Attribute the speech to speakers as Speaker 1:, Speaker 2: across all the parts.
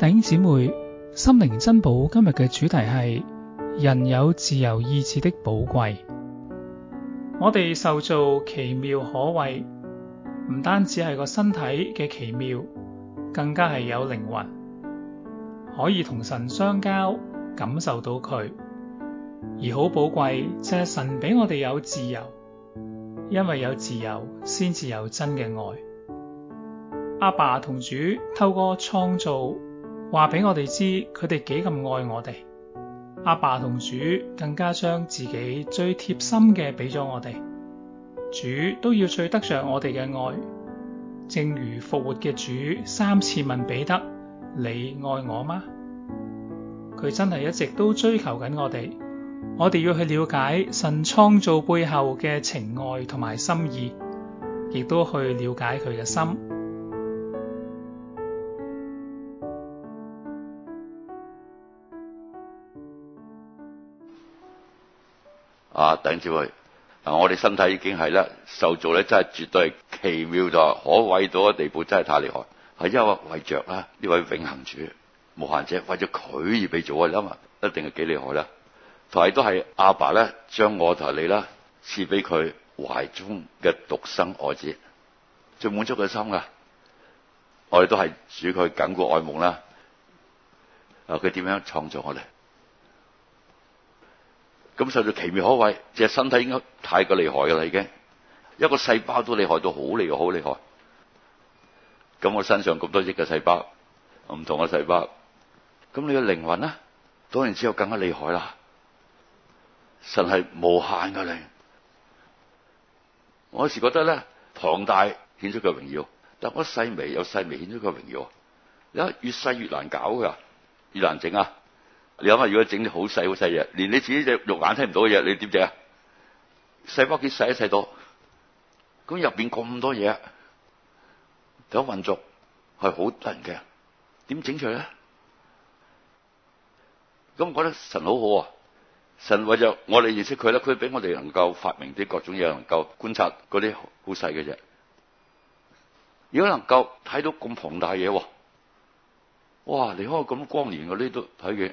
Speaker 1: 弟兄姊妹，心靈珍寶今日嘅主題係人有自由意志的寶貴。我哋受造奇妙可畏，唔單止係個身體嘅奇妙，更加係有靈魂可以同神相交，感受到佢，而好寶貴即係、就是、神俾我哋有自由，因為有自由先至有真嘅愛。阿爸同主透過創造。話俾我哋知佢哋幾咁愛我哋，阿爸同主更加將自己最貼心嘅俾咗我哋，主都要最得着我哋嘅愛，正如復活嘅主三次問彼得：你愛我嗎？佢真係一直都追求緊我哋，我哋要去了解神創造背後嘅情愛同埋心意，亦都去了解佢嘅心。
Speaker 2: 啊！頂住佢嗱，我哋身體已經係啦，受造咧真係絕對係奇妙就可畏到嘅地步，真係太厲害，係因為為着啊呢位永恆主、無限者為咗佢而被造啊，你諗一定係幾厲害啦！同埋都係阿爸咧，將我同你啦賜俾佢懷中嘅獨生愛子，最滿足佢心噶。我哋都係主佢緊固愛慕啦。啊，佢點樣創造我哋？咁受到奇妙可畏，只係身體應該太過厲害噶啦已經，一個細胞都厲害到好厲害，好厲害。咁我身上咁多億嘅細胞，唔同嘅細胞。咁你嘅靈魂呢，當然之後更加厲害啦。神係無限嘅靈，我有時覺得咧，龐大顯出個榮耀，但我細微有細微顯出個榮耀。你睇下越細越難搞噶，越難整啊！你諗下，如果整啲好細好細嘢，連你自己隻肉眼睇唔到嘅嘢，你點整啊？細胞幾細一細到，咁入邊咁多嘢，有運作係好難嘅。點整出咧？咁我覺得神好好啊！神為咗我哋認識佢咧，佢俾我哋能夠發明啲各種嘢，能夠觀察嗰啲好細嘅啫。如果能夠睇到咁龐大嘢，哇！離開咁光年嗰啲都睇嘅。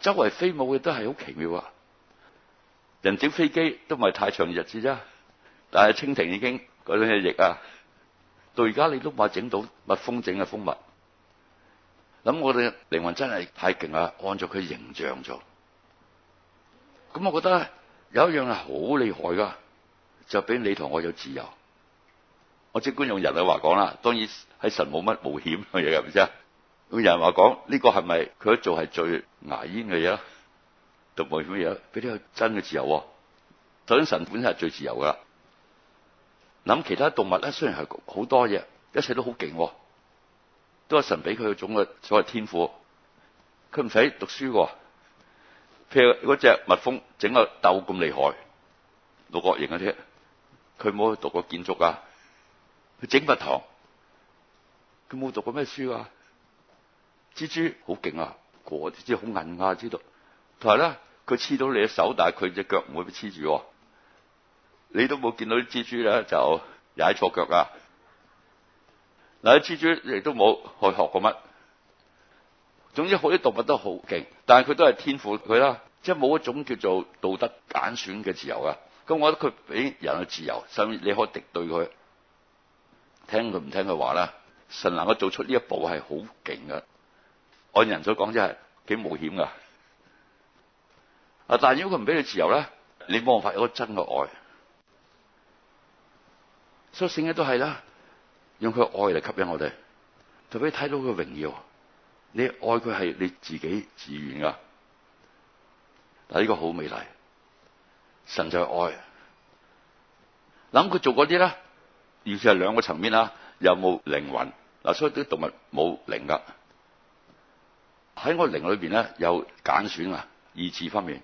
Speaker 2: 周圍飛舞嘅都係好奇妙，人整飛機都唔係太長日子啫，但係蜻蜓已經嗰啲嘅翼啊，到而家你都冇整到蜜蜂整嘅蜂蜜，咁我哋靈魂真係太勁啊！按照佢形象做，咁我覺得有一樣係好厲害噶，就俾你同我有自由。我即管用人類話講啦，當然喺神冇乜冒險嘅嘢，係咪先。有人話講呢個係咪佢一做係最牙煙嘅嘢咯？讀冇嘅嘢？俾啲真嘅自由喎、啊。首先神本身係最自由㗎啦。諗其他動物咧，雖然係好多嘢，一切都好勁、啊，都係神俾佢嘅種嘅所謂天賦。佢唔使讀書喎、啊。譬如嗰隻蜜蜂，整個竇咁厲害，六角形嘅啲，佢冇去讀過建築㗎、啊，佢整蜜糖，佢冇讀過咩書啊。蜘蛛好勁啊，嗰啲蜘蛛好硬啊，知道。同埋咧，佢黐到你嘅手，但係佢隻腳唔會俾黐住。你都冇見到啲蜘蛛咧就踩錯腳噶。嗱啲蜘蛛亦都冇去學過乜。總之，好啲動物都好勁，但係佢都係天賦佢啦，即係冇一種叫做道德揀選嘅自由啊。咁我覺得佢俾人嘅自由，甚至你可以敵對佢，聽佢唔聽佢話啦。神能夠做出呢一步係好勁噶。按人所講，真係幾冒險噶。啊！但如果佢唔俾你自由咧，你冇辦法有個真嘅愛。所以聖經都係啦，用佢愛嚟吸引我哋，就俾你睇到佢榮耀。你愛佢係你自己自願噶。嗱，呢個好美麗。神就係愛。諗佢做嗰啲咧，而且係兩個層面啦。有冇靈魂？嗱，所以啲動物冇靈噶。喺我靈裏邊咧，有揀選啊，意志方面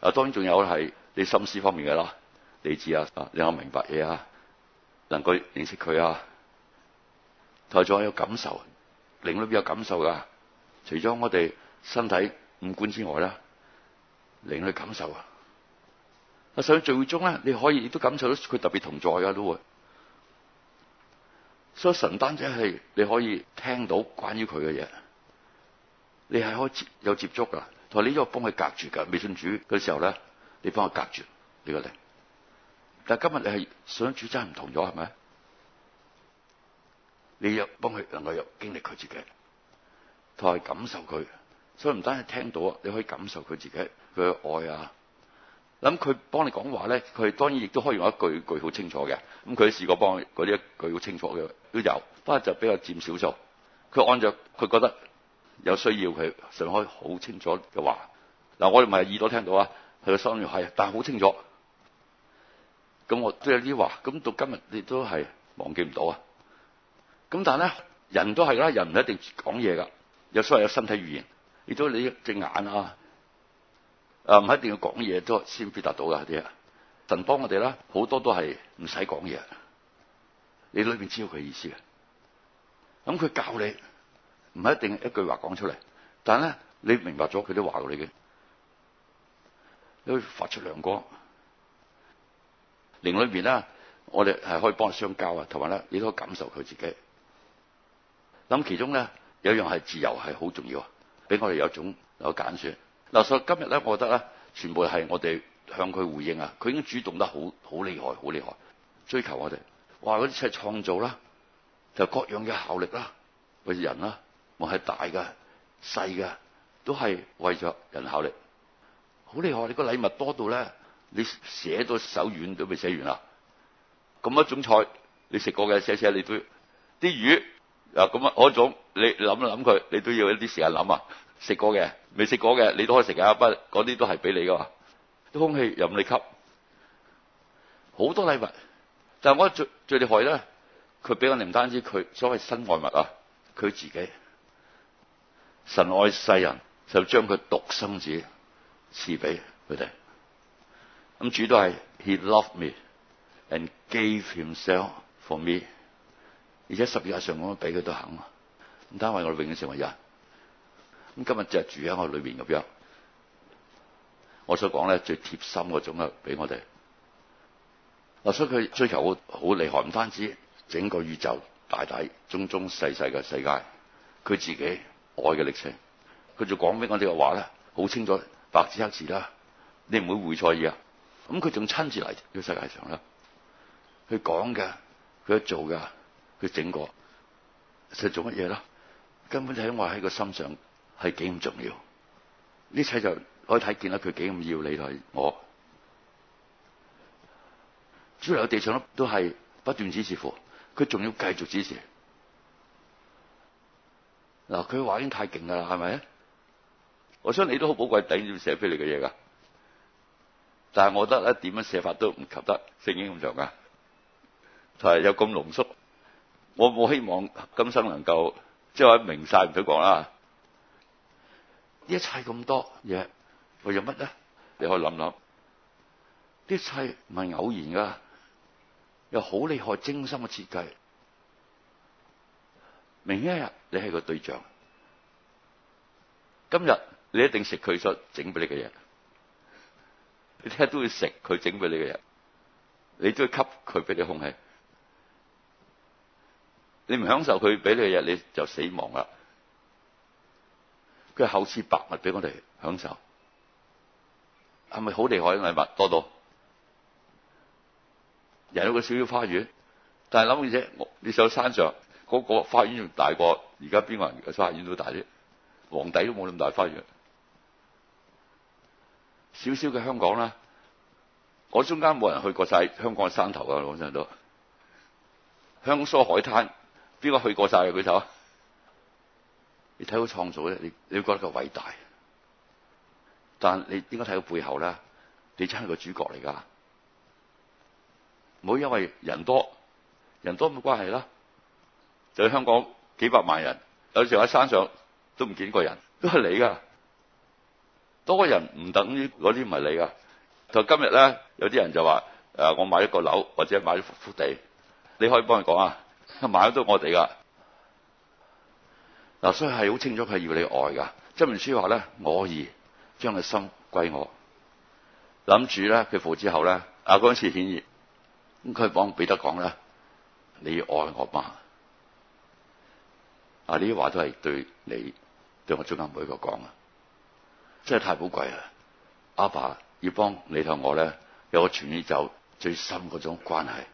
Speaker 2: 啊，當然仲有係你心思方面嘅啦，你知啊，你我明白嘢啊，能夠認識佢啊，再仲有感受，靈裏邊有感受噶，除咗我哋身體五官之外啦，靈裏感受啊，所以最終咧，你可以亦都感受到佢特別同在啊。都會，所以神單者係你可以聽到關於佢嘅嘢。你係可以有接觸噶，同你依個幫佢隔住噶，未信主嗰時候咧，你幫佢隔住，你覺得？但係今日你係想主真係唔同咗，係咪？你又幫佢能夠又經歷佢自己，同埋感受佢，所以唔單係聽到，你可以感受佢自己佢嘅愛啊。咁佢幫你講話咧，佢當然亦都可以用一句句好清楚嘅。咁佢試過幫佢嗰啲一句好清楚嘅都有，不過就比較佔少數。佢按照佢覺得，有需要佢上海好清楚嘅話，嗱，我哋唔係耳朵聽到啊，佢個聲音係，但係好清楚。咁我都有啲話，咁到今日你都係忘記唔到啊。咁但係咧，人都係啦，人唔一定講嘢噶，有所謂有身體語言，亦都你隻眼啊，啊唔一定要講嘢都先表達到噶啲。神幫我哋啦，好多都係唔使講嘢，你裏邊知道佢意思嘅。咁佢教你。唔係一定一句話講出嚟，但係咧，你明白咗佢啲話你嘅，你會發出亮光。另裏邊咧，我哋係可以幫佢相交啊，同埋咧，你都可以感受佢自己。咁其中咧有一樣係自由，係好重要，俾我哋有種有揀選。嗱，所以今日咧，我覺得咧，全部係我哋向佢回應啊！佢已經主動得好好厲害，好厲害，追求我哋。話嗰啲即係創造啦，就各樣嘅效力啦，為住人啦。我係大嘅、細嘅，都係為咗人效力。好厲害！你個禮物多到咧，你寫到手軟都未寫完啦。咁一種菜你食過嘅，寫寫你都啲魚啊咁啊，嗰種你諗一諗佢，你都要一啲時間諗啊。食過嘅、未食過嘅，你都可以食啊。不過嗰啲都係俾你噶，啲空氣任你吸，好多禮物。但係我最最厲害咧，佢俾我哋唔單止佢所謂身外物啊，佢自己。神愛世人，就將佢獨生子賜俾佢哋。咁主都係 He loved me and gave himself for me。而且十二日上講俾佢都肯，唔單為我永遠成為人，咁今日就住喺我裏邊咁樣。我所講咧最貼心嗰種啊，俾我哋。我所以佢追求好好厲害，唔單止整個宇宙大大中中細細嘅世界，佢自己。愛嘅歷程，佢就講俾我哋嘅話啦。好清楚，白紙黑字啦，你唔會會錯意啊。咁佢仲親自嚟到世界上啦，佢講嘅，佢一做嘅，佢整個，實做乜嘢啦，根本就係我喺個心上係幾咁重要，呢一切就可以睇見啦，佢幾咁要你同，就是、我。主流嘅地上都係不斷指示符，佢仲要繼續指示。嗱，佢話已經太勁噶啦，係咪？我想你都好寶貴，頂住寫畀你嘅嘢噶。但係我覺得咧，點樣寫法都唔及得聖經咁長噶。就係有咁濃縮，我我希望今生能夠即係話明晒唔使講啦。呢一切咁多嘢為咗乜咧？你可以諗諗。呢一切唔係偶然噶，有好厲害精心嘅設計。明一日你係個對象，今日你一定食佢所整俾你嘅嘢，你聽日都要食佢整俾你嘅嘢，你都要吸佢俾你空氣，你唔享受佢俾你嘅嘢你就死亡啦。佢厚賜百物俾我哋享受，係咪好厲害嘅禮物多到？人有個小小花園，但係諗住啫，你上山上？嗰個花園仲大過而家邊個人嘅花園都大啲，皇帝都冇咁大花園。少少嘅香港啦，我中間冇人去過晒香港嘅山頭㗎，廣州都香港所有海灘，邊個去過晒嘅？佢就，你睇到創造咧，你你覺得佢偉大，但你點解睇到背後咧？你真係個主角嚟㗎，唔好因為人多人多冇關係啦。就香港幾百萬人，有時喺山上都唔見個人，都係你噶。多個人唔等於嗰啲唔係你噶。就今日呢，有啲人就話、啊：我買一個樓或者買一幅地，你可以幫佢講啊，買都我哋噶、啊。所以係好清楚係要你愛噶。《箴言書》話呢，我兒將你心歸我，諗住咧佢付之後呢，啊嗰陣顯現咁佢幫彼得講呢，你要愛我嘛？啊！呢啲話都係對你，對我中間每一個講啊，真係太寶貴啊！阿爸要幫你同我咧，有個全宇宙最深嗰種關係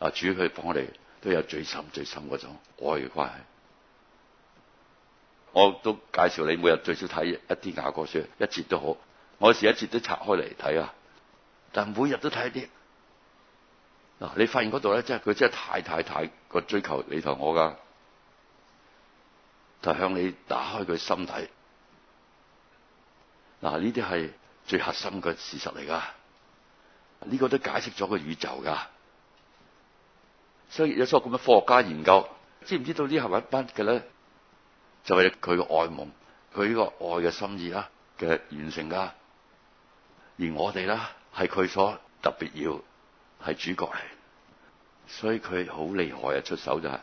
Speaker 2: 啊，主佢幫我哋都有最深最深嗰種愛嘅關係。我都介紹你每日最少睇一啲雅歌書一節都好，我時一節都拆開嚟睇啊，但每日都睇啲。嗱，你發現嗰度咧，即係佢真係太太太個追求你同我噶，就向你打開佢心底。嗱，呢啲係最核心嘅事實嚟噶，呢個都解釋咗個宇宙噶。所以有咗咁嘅科學家研究，知唔知道呢？係咪一班嘅咧，就係佢嘅愛夢，佢呢個愛嘅心意啦嘅完成噶。而我哋咧，係佢所特別要。係主角嚟，所以佢好厲害啊！出手就係。